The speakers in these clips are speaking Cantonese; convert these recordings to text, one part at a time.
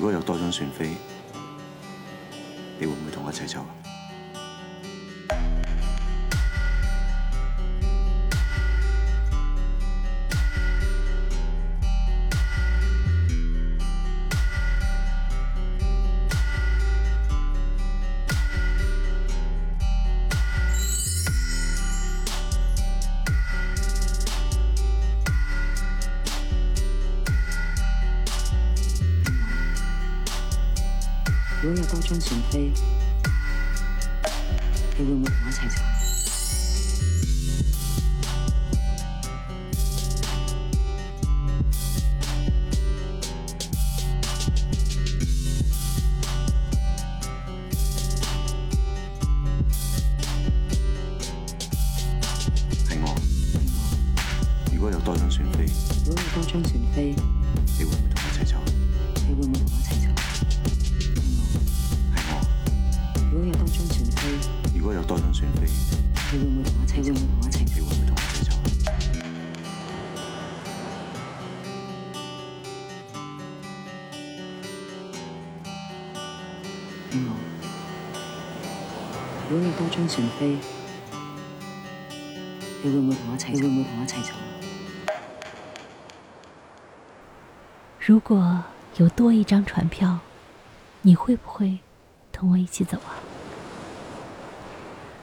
如果有多一張船飛，你會唔會同我一齊走？如果有多一張船票，你會唔會同我一齊走？多一張船票，你會唔會同我，會唔會同我，你會唔會同我一齊走？如果有多一張船票，你會唔會同我一齊？我走？如果有多一張船票，你會不會同我，我一起走啊？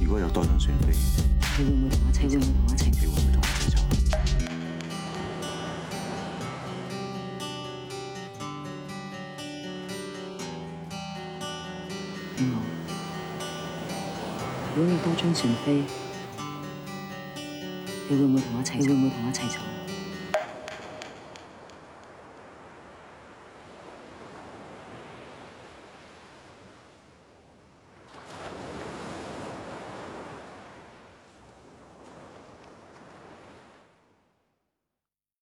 如果有多張船，船飛，你會唔會同我一齊？你會唔會同我一齊？你會唔會同我一齊走？如果有多張船飛，你會唔會同我一齊？會唔會同我一齊走？